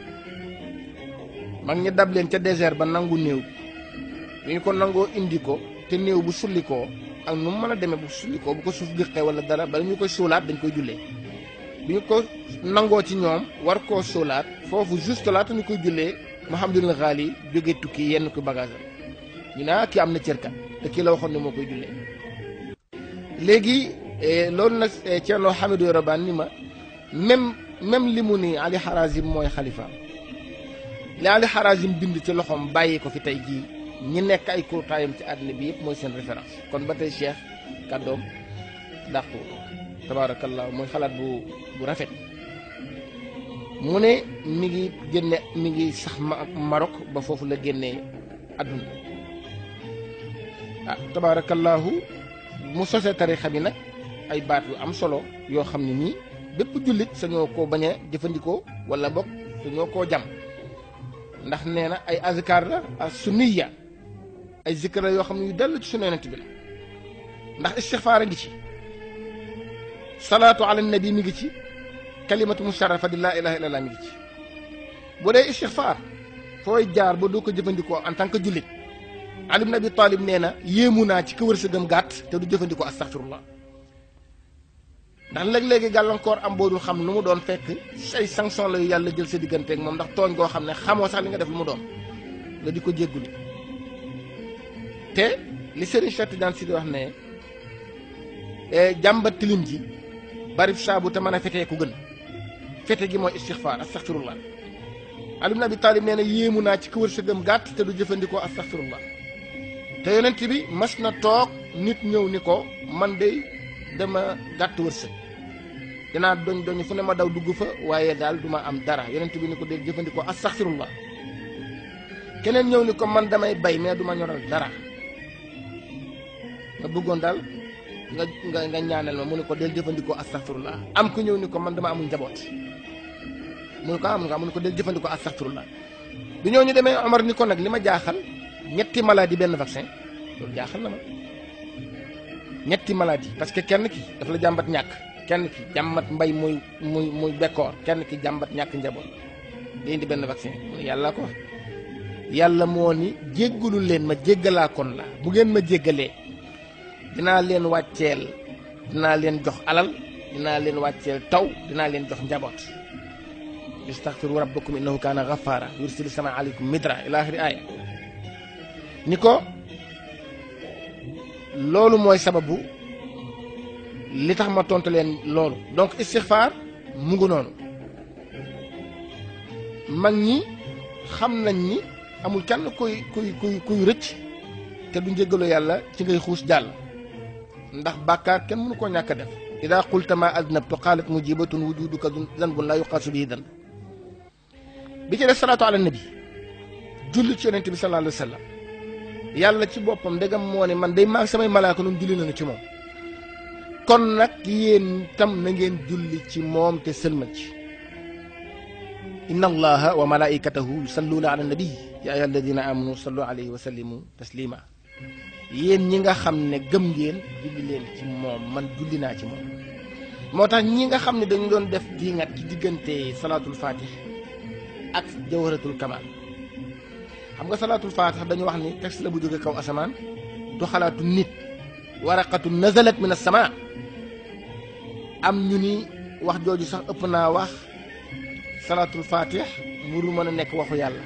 [SPEAKER 1] mag ñi dab leen ca désert ba nangu néew bi ñu ko nangoo indi ko te néew bu sulli ko ak nu mu mën a demee bu sulli ko bu ko suuf gëqee wala dara bala ñu koy suulaat dañ koy jullee bi nga ko nangoo ci ñoom war koo sóolaat foofu juste laata ñu koy jullee Mouhamadul Ghali jóge tukki yenn ko bagage ñu ne ah, ki am na cërkat te kii la waxoon ne moo koy jullee léegi eh, loolu nag eh, Thierno Hamidou Rabbani ni ma même même li mu ni Ali mooy xalifaam li Ali bind ci loxoom bàyyi ko fi tey jii ñi nekk ay kurtaayam ci àddina bi yëpp mooy seen référence kon ba tey Cheikh kàddoom dàqu tabaarakallaa mooy xalaat bu bu rafet mu ne mi ngi génne mi ngi sax ma Maroc ba foofu la génnee adduna ah tabaarakallaahu mu sosee tarixa bi nag ay baat yu am solo yoo xam ne nii bépp jullit sañoo ko bañ jëfandikoo wala bokk sañoo koo jam ndax nee na ay azkar la ak sunniya ay zikr la yoo xam ne yu dellu ci sunna yonent bi la ndax istixfaar ngi ci salaatu ala nabi mi ngi ci kalimatu musharrafa di laa ilaha illallah mi ngi ci bu dee istixfaar fooy jaar ba doo ko jëfandikoo en tant que jullit Ali ibn Abi nee na yéemu naa ci ko wërsëgam gàtt te du jëfandikoo ak astaghfirullah ndax léeg-léegi gàllankoor am boo dul xam lu mu doon fekk say sanction la yu yàlla jël sa digganteek moom ndax tooñ goo xam ne xamoo sax li nga def lu mu doon la di ko jégguli te li Serigne Cheikh Tidiane Sy di wax ne eh, jàmbat tilim ji bari saabu te mën a fetee fete gi mooy istixfaar astaxfirullah Ali ibn bi Talib nee na yéemu naa ci ku wërsëgam gàtt te du jëfandikoo astaxfirullah te yonent bi mas na toog nit ñëw ni ko man de dama gàtt wërsëg dinaa doñ doñ fu ne ma daw dugg fa waaye daal du ma am dara yonent bi ni ko dee jëfandikoo la keneen ñëw ni ko man damay bay mais du ma ñoral dara nga bëggoon daal nga nga nga ñaanal ma mu ne ko del jëfandikoo astaghfirullah am ku ñëw ni ko man dama amul njaboot mu ne ko am nga mu ne ko del jëfandikoo astaghfirullah bi ñëw ñu demee Omar ni ko nag li ma jaaxal ñetti maladie benn vaccin loolu jaaxal na ma ñetti maladie parce que kenn ki dafa la jàmbat ñàkk kenn ki jàmbat mbay muy muy muy bekkoor kenn ki jàmbat ñàkk njaboot day indi benn vaccin mu yàlla ko yàlla moo ni jéggalu leen ma jéggalaa kon la bu ngeen ma jéggalee dina len waccel dina len jox alal dina len waccel taw dina len jox njabot istaghfiru rabbakum innahu kana ghaffara yursilu sama alaykum midra ila akhir aaya niko lolou moy sababu li tax ma tontu len lolou donc istighfar mu ngi non mag ñi xam nañ ni amul kenn kuy kuy kuy kuy recc te du njëgalu yalla ci ngay xuus dal ndax bàkkaar ken mënu koo ñàkk def ida qulta ma adnabtu qalat mujibatun wujuduka zanbun la yuqasu bihi dan bi ci def salaatu ala nabi julli ci yonente bi sallallahu alayhi wasallam yàlla ci boppam degam mo ne man day maag samay malaka noonu julli nañu ci mom kon nak yéen tam na ngeen julli ci mom te selma ci inna allaha wa malaikatahu yusalluna ala nabi ya ayyuhalladhina amanu sallu alayhi wa sallimu taslima yéen ñi nga xam ne gëm ngeen julli leen ci moom man julli naa ci moom moo tax ñi nga xam ne dañu doon def diingat ci diggante salaatul fatih ak jawharatul kamal xam nga salaatul fatih dañu wax ni texte la bu jóge kaw asamaan du xalaatu nit waraqatu nazalat min na sama am ñu ni wax jooju sax ëpp naa wax salaatul fatih muru mën a nekk waxu yàlla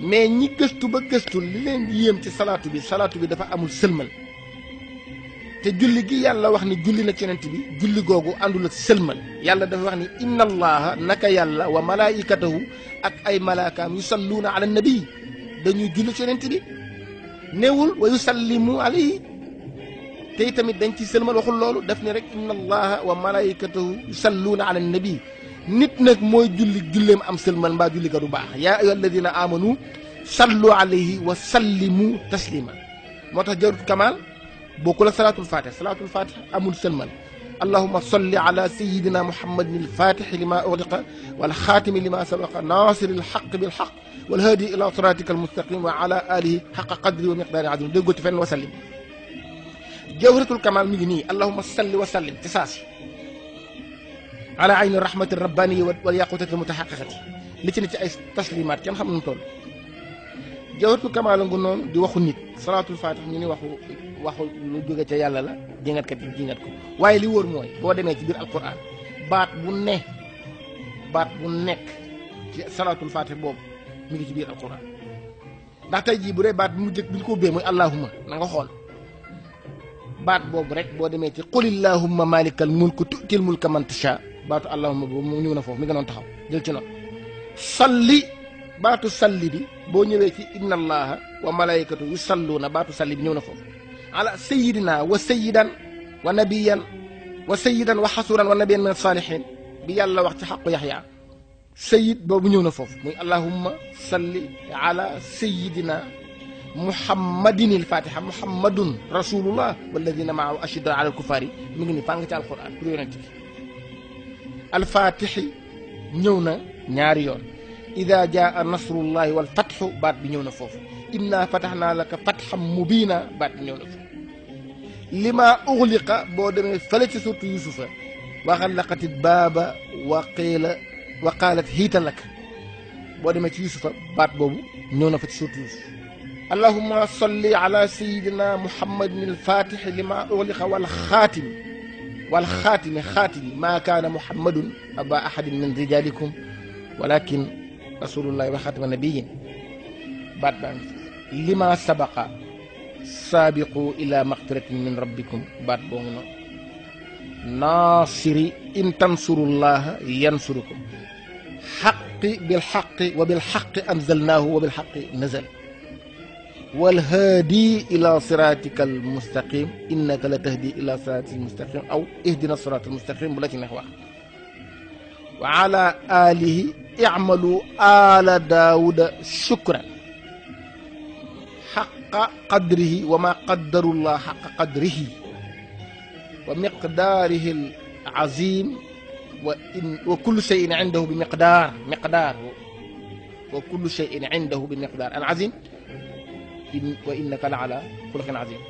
[SPEAKER 1] mais ñi gëstu ba gëstu li leen di yéem ci salaatu bi salaatu bi dafa amul sëlmal te julli gi yàlla wax ni julli na ci bi julli googu àndul ak sëlmal yàlla dafa wax ni inna allaha naka yàlla wa malaikatahu ak ay malaakaam yu salluuna ala nabi dañuy julli ci bi newul wa yusallimu alayhi te tamit dañ ci sëlmal waxul loolu daf ni rek inna allaha wa malaikatahu yusalluuna ala nabi nit nak moy julli jullem am selman ba julli ga du bax ya ayyul ladina amanu sallu alayhi wa sallimu taslima motax jarut kamal bokula salatul fatih salatul fatih amul selman اللهم صل على سيدنا محمد الفاتح لما أغلق والخاتم لما سبق ناصر الحق بالحق والهادي إلى صراطك المستقيم وعلى آله حق قدره ومقدار عزمه دي قلت فن وسلم جوهرة الكمال مجني اللهم صل وسلم تساسي على عين الرحمة الربانية والياقوتة المتحققة لتنت أي تسليمات كان خم نطول جاوت كما لنقول دي وخو نيت صلاة الفاتح نيني وخو وخو لجوغة تيالا لا جينات كتب جينات كو واي لي ور موي بو دمي تبير القرآن بات بو نه بات بو نك صلاة الفاتح بوب ميجي تبير القرآن داكتا جي بوري بات بو مجيك بلكو بي موي اللهم نغا خول بات بوب رك بو دمي تي قل اللهم مالك الملك تؤتي الملك من تشاء baatu allahuma boobu mu ñëw na foofu mi nga doon taxaw jël ci noonu salli baatu salli bi boo ñëwee ci inna allaha wa malaykatu yu salluuna baatu salli bi ñëw na foofu ala sayidina wa sayidan wa nabiyan wa sayidan wa xasuuran wa nabiyan min saalihin bi yàlla wax ci xaqu yaxya sayid boobu ñëw na foofu muy allahumma salli ala sayidina muhammadin il fatiha muhammadun rasulullah walladina maahu ashidda ala alkufaari mu ngi ni fàng ci alquran pour yonent bi الفاتحي نيونا ناريون إذا جاء نصر الله والفتح بعد نيونا فوف إنا فتحنا لك فتحا مبينا بعد نيونا فوف لما أغلق بودم فلت سوت يوسف وغلقت الباب وقيل وقالت هيت لك بودم يوسف بعد بوب نيونا فتشوت يوسف اللهم صل على سيدنا محمد الفاتح لما أغلق والخاتم والخاتم خاتم ما كان محمد أبا أحد من رجالكم ولكن رسول الله وخاتم النبي بعد بانك لما سبق سابقوا إلى مغفرة من ربكم بعد بونغنا ناصري إن تنصروا الله ينصركم حق بالحق وبالحق أنزلناه وبالحق نزل والهادي إلى صراطك المستقيم إنك لتهدي إلى صراط المستقيم أو اهدنا الصراط المستقيم ولكن نحوها وعلى آله اعملوا آل داود شكرا حق قدره وما قدر الله حق قدره ومقداره العظيم وإن وكل شيء عنده بمقدار مقدار وكل شيء عنده بمقدار العظيم وانك لعلى خلق عظيم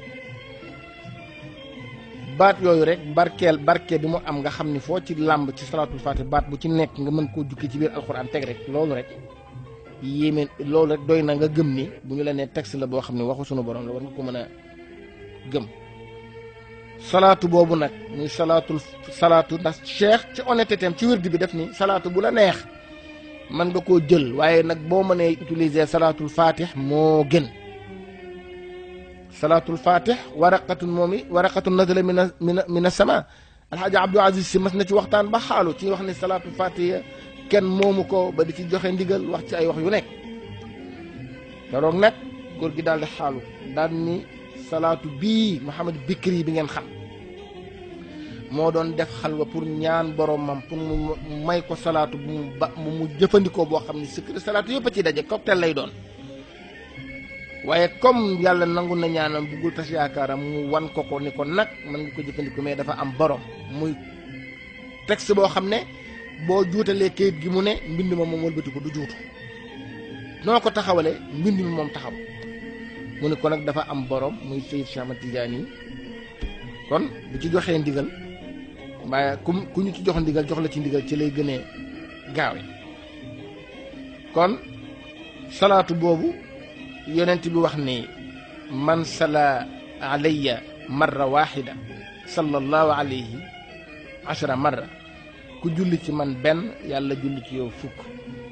[SPEAKER 1] بات يوي ريك باركيل باركي بيمو ام غا خامني فو تي لامب تي صلاه الفاتح بات بو تي نيك غا منكو جوكي تي بير القران تك ريك لولو ريك يمين لولو ريك دوينا غا گم ني بو ني لا ني تكست لا بو خامني واخو سونو بروم لا وار نكو مانا گم صلاه بوبو نك ني صلاه صلاه ناس شيخ تي اونيتيتم تي ورد بي دفني صلاه بو لا نيه man nga ko jël waaye nag boo mënee utiliser salatul fatih moo gën Salatul fatih waraqatun Mumi, waraqatun nazala min min min Al alxaaji abdou aziz si mas ci waxtan ba xalu ci wax ni salatul fatih ya, ken momuko ba di ci joxe ndigal wax ci ay wax yu nak gor gi dal di ni salatu bi muhammad Bikri bi ngeen xam mo don def xalwa pour ñaan mam pour mu may ko salatu bu mu mu jëfandikoo boo secret salatu yëpp ci dajje cocktail lay don waaye comme yàlla nangu na ñaanam buggul tas yaakaaram mu wan ko ko ni ko nag mën nga ko jëkkandiku mais dafa am borom muy texte boo xam ne boo juutalee kayit gi mu ne mbind ma moom wëlbati ko du juutu noo ko taxawale mbind mi moom taxaw mu ne ko nag dafa am borom muy Seydi Cheikh Ahmad Tidiane yi kon bu ci joxee ndigal waaye ku ku ñu ci jox ndigal jox la ci ndigal ci lay gënee gaawe kon salaatu boobu يونت بي واخني من صلى علي مره واحده صلى الله عليه عشر مره كو جولي سي من بن يالا جولي سي فوك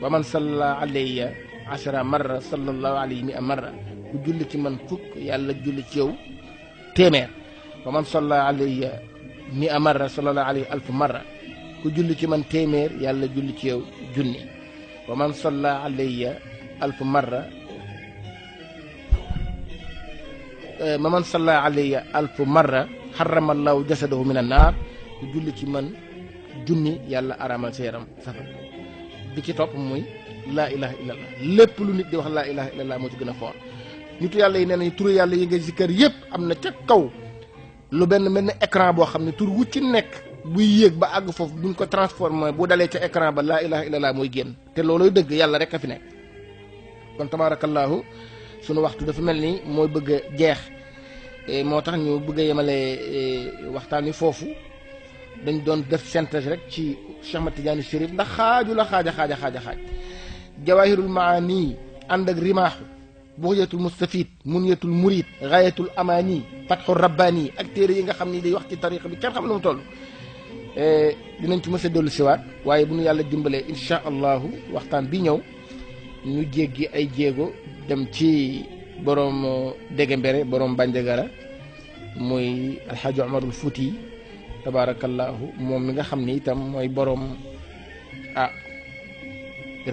[SPEAKER 1] ومن صلى علي عشر مره صلى الله عليه 100 مره كو جولي سي من فوك يالا جولي سي تيمر ومن صلى علي 100 مره صلى الله عليه 1000 مره كو جولي سي من تيمر يالا جولي سي جوني ومن صلى علي 1000 مره man salla alayya alfu marra harrama allahu jasadahu min annaar ku julli ci man junni yàlla araamal sa yaram safara bi ci topp muy laa ilaha illallah lépp lu nit di wax laa ilaha illallah moo ci gën a foor nitu yàlla yi nee nañu turu yàlla yi nga zikkar yëpp am na ca kaw lu benn mel ni écran boo xam ne tur wu ci nekk buy yéeg ba àgg foofu buñ ko transformé bu dalee ca écran ba laa ilaha illallah mooy génn te looloy dëgg yàlla rek a fi nekk kon tabaarakallaahu sunu waxtu dafa mel ni mooy bëgg a jeex moo tax ñu bëgg a yemale waxtaan wi foofu dañ doon def synthèse rek ci Cheikh Ahmad Tidiane Chérif ndax xaaju la xaaja xaaja xaaja xaaj jawahirul maani ànd ak rimaaxu buxyatul mustafid muniyatul murid gaayatul amaani fatxu rabbaani ak téere yi nga xam ni day wax ci tariqa bi kenn xam lu mu toll dinañ ci mës a dellu siwaat waaye bu nu yàlla dimbale insha allahu waxtaan bi ñëw ñu jéggi ay jéego dem ci borom Degembere borom Bandiagara muy alxaaji Omarul Fuuti tabaarakallaahu moom mi nga xam ni itam mooy borom a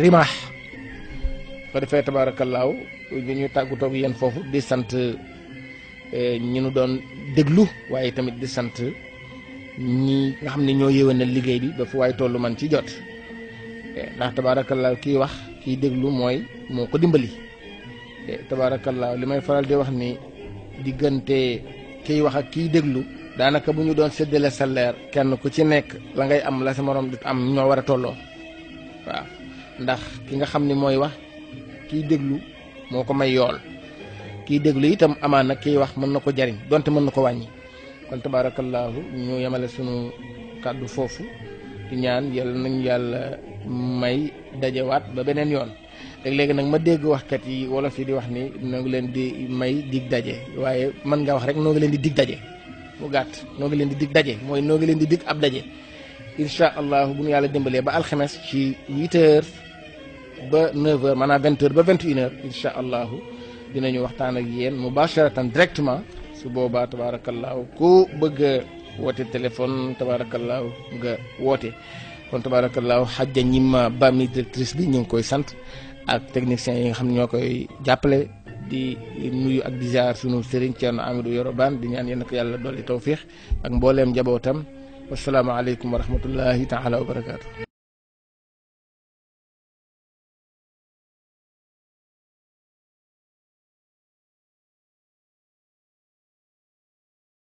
[SPEAKER 1] rimaax ko defee tabaarakallaahu ñu ñu tàggutoog yéen foofu di sant e, ñi nu doon déglu waaye tamit di sant ñi nga xam ne ñoo na liggéey bi ba waaye tollu man ci jot e, ndax tabaarakallaahu kii wax ki deglu moy moko dimbali e tabarakallah limay faral di wax ni digante kiy wax ak ki deglu sedele buñu ñu doon séddale salaire kenn ku ci nek la ngay am la sa morom dit am ño wara tolo wa ndax ki nga xamni ni wax ki deglu moko may yol ki deglu itam amana ki wax man nako jariñ donte man nako wañi kon tabarakallah ñu suñu kaddu fofu di ñaan yalla nañu yalla may daje waat ba beneen yoon léeg-léegi nag ma dégg waxkat yi wolof yi di wax ni noo ngi leen di may dig daje waaye man nga wax rek noo ngi leen di dig daje mu gàtt noo ngi leen di dig daje mooy noo ngi leen di dig ab daje incha allah bu ñu yàlla dimbalee ba alxames ci huit ba neuf heures maanaam ba vingt une heures incha allah dinañu waxtaan ak yéen mubasharatan directement su boobaa tabaarakallaahu ko bëgg woote téléphone tabaarakallaahu nga woote kon tabaarakallaahu xajja ñimma euh, ba mi directrice bi ñu ngi koy sant ak techniciens yi nga xam ne ñoo koy jàppale di nuyu ak di ziar sunu sëriñ Thierno Amidou Yorobaan di ñaan yéen ko yàlla dolli tawfiix ak mbooleem njabootam wasalaamaaleykum wa rahmatullahi taala wa barakaatu.